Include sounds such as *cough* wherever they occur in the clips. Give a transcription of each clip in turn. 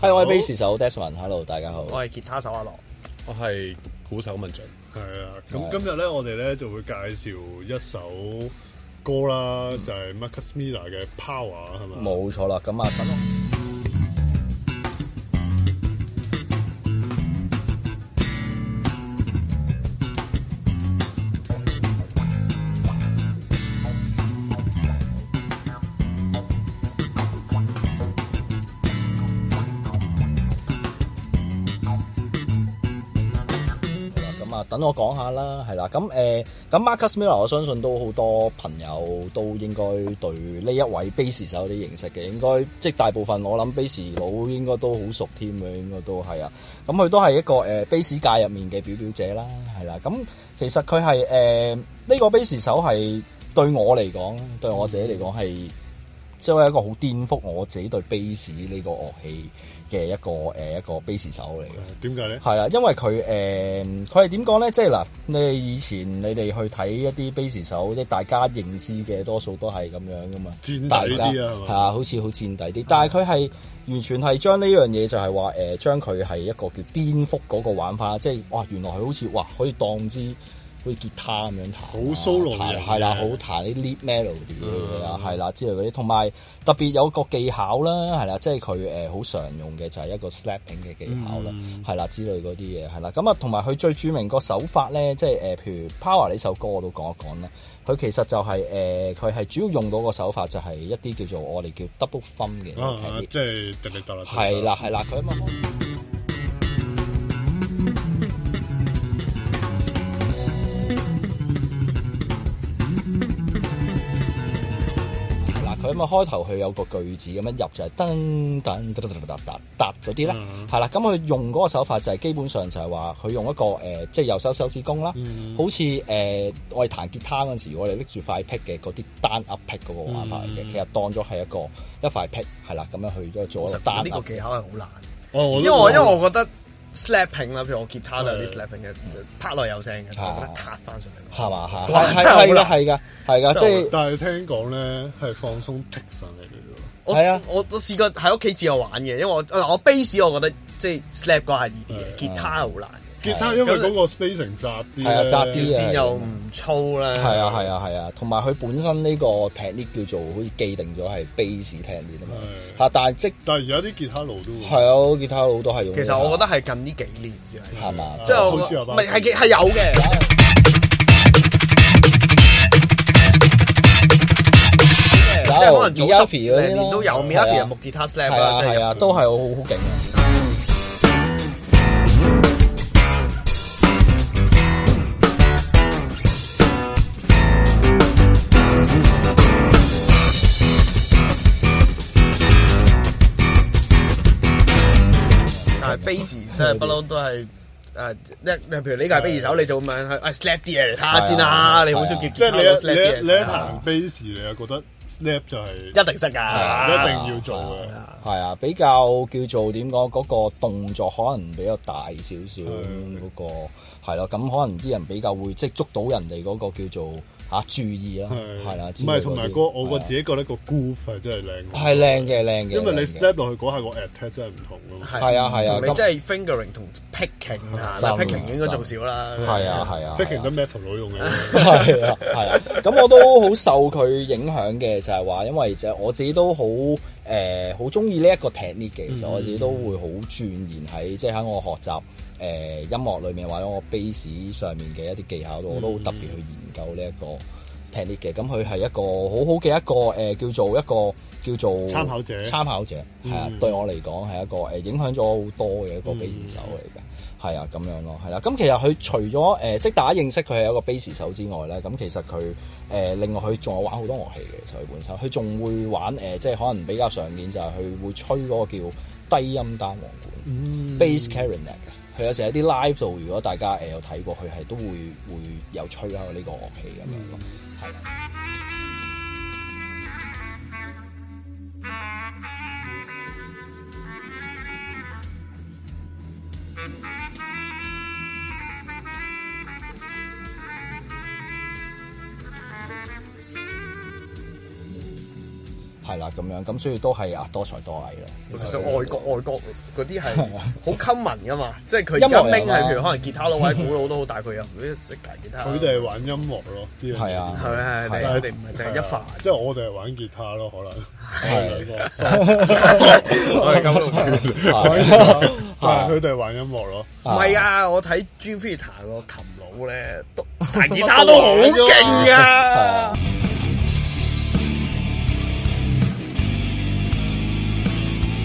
Hey，我係 bass 手 Desmond hello，大家好。我係吉他手阿樂，a、我係鼓手文俊，係 *noise* 啊。咁今日咧，我哋咧就會介紹一首歌啦，就係、是、Marcus Miller 嘅 Power 係咪？冇錯啦，咁啊。等我講下啦，係啦，咁誒，咁、呃、Marcus Miller，我相信都好多朋友都應該對呢一位 bass 手有啲認識嘅，應該即係大部分我諗 bass 佬應該都好熟添嘅，應該都係啊。咁佢都係一個誒、呃、bass 界入面嘅表表者啦，係啦。咁其實佢係誒呢個 bass 手係對我嚟講，對我自己嚟講係。即係一個好顛覆我自己對 Bass 呢個樂器嘅一個誒、呃、一個 Bass 手嚟嘅。點解咧？係啊，因為佢誒，佢係點講咧？即係嗱，你以前你哋去睇一啲 Bass 手，即係大家認知嘅，多數都係咁樣噶嘛，尖底啲啊，係啊，好似好尖底啲。但係佢係完全係將呢樣嘢，就係話誒，將佢係一個叫顛覆嗰個玩法。即係哇，原來佢好似哇，可以當之。好似 *music* 吉他咁樣彈，好 solo，係啦，好彈啲 lead melody 嘅嘢啦，係 *noise* 啦，之類嗰啲，同埋特別有個技巧啦，係啦，即係佢誒好常用嘅就係一個 slapping 嘅技巧啦，係啦，之類嗰啲嘢，係啦，咁啊，同埋佢最著名個手法咧，即係誒譬如 Power 呢首歌我都講一講啦，佢其實就係誒佢係主要用到個手法就係一啲叫做我哋叫 double thumb 嘅。Th 即係滴啦。係啦 ently，係 *noise* 啦，佢啊嘛。佢咁啊，嗯、開頭佢有個句子咁樣入就係噔噔嗒嗒嗒嗒嗰啲咧，係啦、嗯。咁佢用嗰個手法就係基本上就係話，佢用一個誒，即、呃、係、就是、右手手指公啦，嗯、好似誒、呃、我哋彈吉他嗰陣時，我哋拎住塊劈嘅嗰啲單 up 劈嗰個玩法嘅、嗯，其實當咗係一個一塊劈係啦。咁樣去做一個單 up。呢個技巧係好難，因為、哦、因為我覺得。slapping 啦，sl ing, 譬如我吉他都有啲 slapping 嘅拍落的有聲嘅，我覺得撻翻上嚟。係嘛？係係啦，係㗎，係㗎，即係。但係聽講咧係放鬆 technic 嚟嘅喎。我係啊，我我試過喺屋企自我玩嘅，因為我我 bass 我覺得即係 slap 嗰係 easy 嘅，就是、的吉他好難。吉他因為嗰個 spacing 窄啲，線又唔粗咧。係啊係啊係啊，同埋佢本身呢個劈啲叫做好似既定咗係 bass 劈啲啊嘛嚇，但係即但係而家啲吉他佬都係啊！吉他佬都係用。其實我覺得係近呢幾年先係。係嘛？有有有即係我唔係係係有嘅。即係可能早十年都有，Miuffy 有木吉他 slap 啦，係。啊，啊都係好好勁。不嬲都係誒，一你譬如呢個係逼二手，你就咁樣 slap 啲嘢嚟睇下先啦。你好少結結。即係你你你行 base 你啊覺得 slap 就係一定識㗎，一定要做嘅。係啊，比較叫做點講？嗰個動作可能比較大少少，嗰個係咯。咁可能啲人比較會即係捉到人哋嗰個叫做。啊！注意啊，係啦，唔係，同埋個我個自己覺得個 groove 真係靚，係靚嘅靚嘅。因為你 step 落去嗰下個 attack 真係唔同啊嘛。係啊係啊，你真係 fingering 同 picking 嚇，picking 應該仲少啦。係啊係啊，picking 都咩大佬用嘅。係啊係啊，咁我都好受佢影響嘅，就係話因為就我自己都好誒好中意呢一個 technique 嘅，其實我自己都會好鑽研喺即係喺我學習，誒音樂裏面或者我 bass 上面嘅一啲技巧度、嗯，我都好特別去研究呢、嗯、一個 p a n t e 嘅。咁佢係一個好好嘅一個誒叫做一個叫做參考者參考者係、嗯、啊，對我嚟講係一個誒影響咗好多嘅一個 bass 手嚟嘅，係、嗯、啊咁樣咯，係啦、啊。咁其實佢除咗誒、呃、即係大家認識佢係一個 bass 手之外咧，咁其實佢誒、呃、另外佢仲有玩好多樂器嘅，在佢本身，佢仲會玩誒、呃、即係可能比較常見就係佢會吹嗰個叫低音單簧管 bass clarinet。佢有時喺啲 live 度，如果大家誒、呃、有睇過，佢係都會會有吹下呢個樂器咁樣咯，係啦、mm。Hmm. 咁樣咁所以都係啊多才多藝咯。其實外國外國嗰啲係好 common 㗎嘛， *laughs* 即係佢一兵係譬如可能吉他佬或者鼓佬都好大個人，佢又唔識彈吉他。佢哋係玩音樂咯，啲人係啊，係係，但係佢哋唔係淨係一發。即係我哋係玩吉他咯，可能係。我係金融專業，但係佢哋係玩音樂咯。唔係啊，我睇 Guitar 個琴佬咧，彈吉他都好勁啊！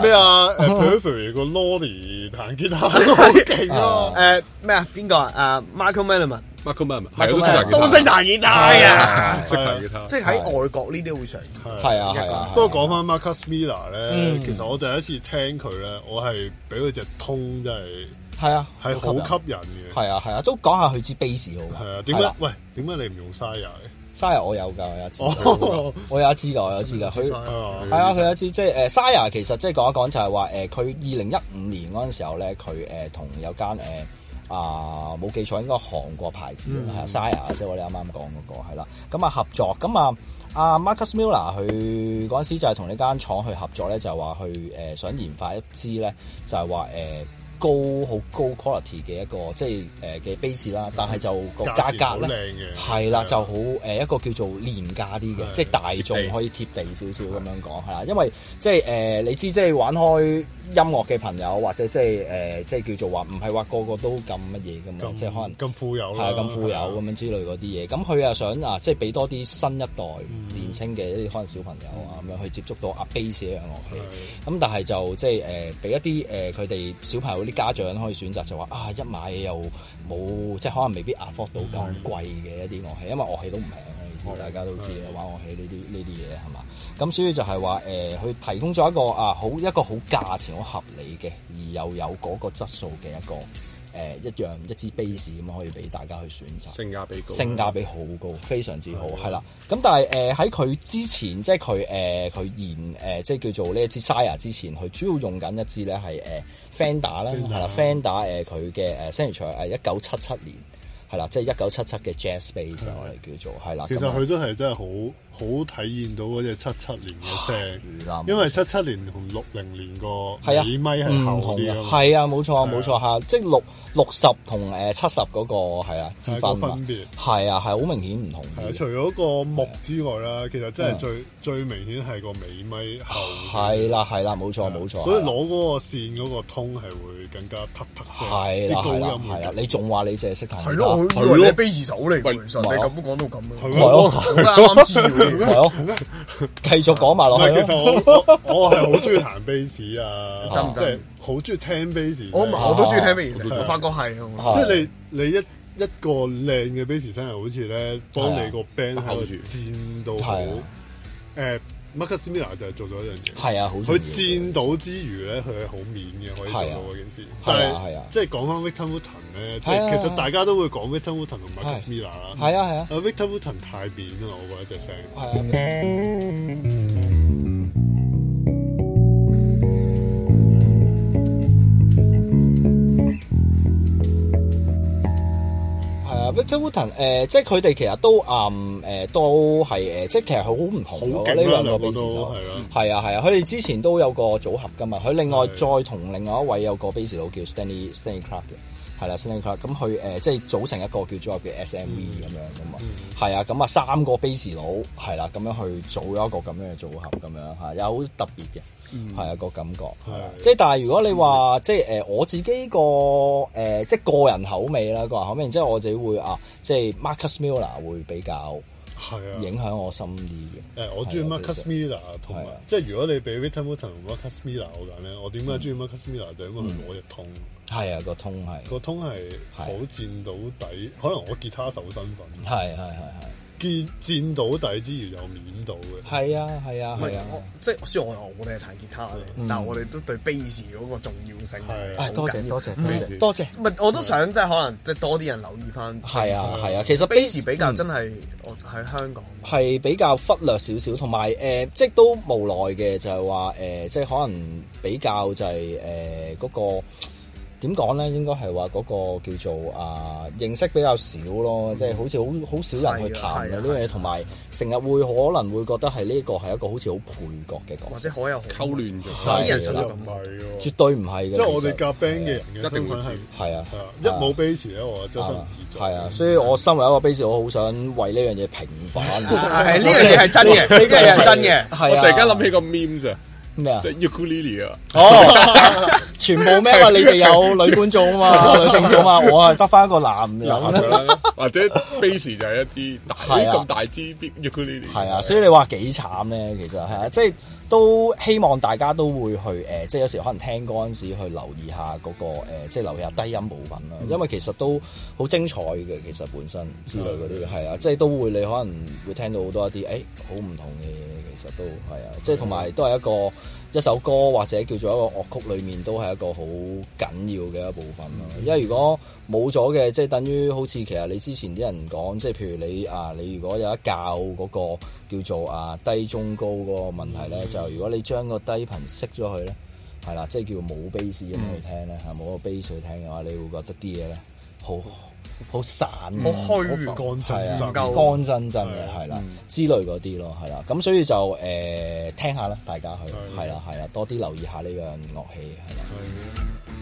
咩啊？Perfume 個 Lolly 彈吉他好勁啊！誒咩啊？邊個啊？Marcus Miller。Marcus Miller 係都識彈吉他。啊！識彈吉他，即係喺外國呢啲會成。係啊係啊。不過講翻 Marcus Miller 咧，其實我第一次聽佢咧，我係俾佢隻 tone 真係。係啊，係好吸引嘅。係啊係啊，都講下佢支 bass 好。係啊，點解喂？點解你唔用 Sire？Sire 我有噶，我有支、oh,，我有一支噶，我有支噶。佢係啊，佢有一支，即係誒 Sire 其實即係講一講就係話誒佢二零一五年嗰陣時候咧，佢誒同有間誒啊冇記錯應該韓國牌子啦，係 Sire 即係我哋啱啱講嗰個係啦。咁啊合作咁啊阿、啊、Marcus Miller 佢嗰陣時就係同呢間廠去合作咧，就話去誒想研發一支咧，就係話誒。就是高好高 quality 嘅一個即係誒嘅 bass 啦，但係就個、嗯、價格咧係啦，就好誒、呃、一個叫做廉價啲嘅，的即係大眾可以貼地少少咁樣講，係啦，因為即係誒、呃、你知即係玩開。音樂嘅朋友或者即係誒，即、呃、係、就是、叫做話，唔係話個個都咁乜嘢嘅嘛，按即係可能咁富有，係、嗯、啊，咁富有咁樣之類嗰啲嘢。咁佢又想啊，即係俾多啲新一代年輕嘅一啲可能小朋友啊咁樣去接觸到阿 Bass 呢樣樂器。咁的但係就即係誒，俾、就是呃、一啲誒佢哋小朋友啲家長可以選擇，就話啊一買又冇，即係可能未必 afford 到咁貴嘅一啲樂器，嗯嗯、因為樂器都唔平。大家都知啊，玩樂器呢啲呢啲嘢係嘛？咁所以就係話誒，佢、呃、提供咗一個啊，好一個好價錢、好合理嘅，而又有嗰個質素嘅一個誒、呃、一樣一支 bass 咁可以俾大家去選擇。性價比高，高，性價比好高，非常之好，係啦的。咁但係誒喺佢之前，即係佢誒佢現誒即係叫做呢一支 Sire 之前，佢主要用緊一支咧係誒 Fender 啦，係啦 Fender 佢嘅誒生於在係一九七七年。係啦，即係一九七七嘅 Jazz Bass 我哋叫做。係啦，其實佢都係真係好。好體驗到嗰隻七七年嘅聲，因為七七年同六零年個尾米係唔同嘅，係啊，冇錯冇錯嚇，即係六六十同誒七十嗰個，係啊，有分別，係啊，係好明顯唔同。係啊，除咗個木之外啦，其實真係最最明顯係個尾米厚。係啦係啦，冇錯冇錯。所以攞嗰個線嗰個通係會更加突突聲啲高音。係啊，你仲話你淨係識彈？係咯，我以為你 bass 手嚟嘅，你咁講到咁，我啱係咯，繼續講埋落去。其實我我係好中意彈 bass 啊，真係好中意聽 bass。我、啊、我都中意聽 bass，我發覺係，即係你你一一個靚嘅 bass 真係好似咧、啊，幫你個 band 係度戰到好誒。Marcus Miller 就係做咗一樣嘢，係啊，好重要。佢戰到之餘咧，佢係好面嘅，可以做到嗰件事。但係係啊，即係講翻 Victor Wooten 咧，即係其實大家都會講 Victor Wooten 同 Marcus Miller 啦。係啊係啊，Victor Wooten 太面啊，我覺得隻聲。Victor Wooten 誒，即係佢哋其實都暗，誒、嗯呃，都係誒，即係其實佢好唔同咗呢兩個貝司手，係啊，係啊，佢哋、啊啊、之前都有個組合噶嘛，佢另外再同另外一位有一個貝司佬叫 Stanley, Stanley Clarke 嘅。係啦 Stanley Clarke 咁佢誒即係組成一個叫做叫 SMV 咁樣啫嘛，係啊，咁啊三個 base 佬係啦，咁樣去組一個咁樣嘅組合咁樣嚇，有好特別嘅，係啊個感覺，即係的的但係如果你話的即係誒、呃、我自己、這個誒、呃、即係個人口味啦，個人口味然之後我自己會啊，即係 Marcus Miller 會比較。係啊，影響我心意嘅。誒，我中意 Marcus Miller 同埋，即係如果你畀 Victor Wooten 和 Marcus Miller 我揀咧，我點解中意 Marcus Miller 就因為佢攞隻通。係啊，個通係。個通係好佔到底，可能我吉他手身份。係係係係。.見見到底之餘又練到嘅，係啊係啊，唔係、啊啊、我即係雖然我我哋係彈吉他嘅，嗯、但係我哋都對 bass 嗰個重要性係多謝多謝，多謝唔係、嗯、謝我都想即係可能即係多啲人留意返係啊係啊，其實 bass 比較真係、嗯、我喺香港係比較忽略少少，同埋誒即係都無奈嘅就係話誒，即係可能比較就係誒嗰個。點講咧？應該係話嗰個叫做啊，認識比較少咯，即係好似好好少人去談嘅呢樣嘢，同埋成日會可能會覺得係呢個係一個好似好配角嘅角色，或者好有好亂咗啲人想咁，唔係絕對唔係嘅，即係我哋夾 band 嘅人，一定唔係，係啊，一冇 base 嘅我真心係啊，所以我身為一個 base，我好想為呢樣嘢平反，係呢樣嘢係真嘅，呢樣嘢真嘅，我突然間諗起個 meme 啫，咩啊，即係 Ukulele 啊，哦。全部咩話？你哋有女觀眾啊嘛，女聽眾啊嘛，我係得返一個男嘅、嗯嗯。或者 base 就係一啲， *laughs* 大啊，咁大支啲。係啊，所以你話幾慘咧？其實係啊，即係都希望大家都會去誒、呃，即係有時可能聽嗰陣時去留意下嗰、那個誒、呃，即係留意下低音部分啦。因為其實都好精彩嘅，其實本身之類嗰啲係啊，即係都會你可能會聽到好多一啲誒，好、欸、唔同嘅。其實都係啊，即係同埋都係一個一首歌或者叫做一個樂曲裏面都係一個好緊要嘅一部分咯。嗯、因為如果冇咗嘅，即係等於好似其實你之前啲人講，即係譬如你啊，你如果有一教嗰個叫做啊低中高嗰個問題咧，嗯、就如果你將個低頻熄咗佢咧，係啦，即係叫冇 base 咁去聽咧，係冇、嗯、個 base 去聽嘅話，你會覺得啲嘢咧。好好散，好虛，好乾淨，乾真真嘅係啦，之類嗰啲咯，係啦，咁所以就誒聽下啦，大家去係啦係啦，多啲留意下呢樣樂器係啦。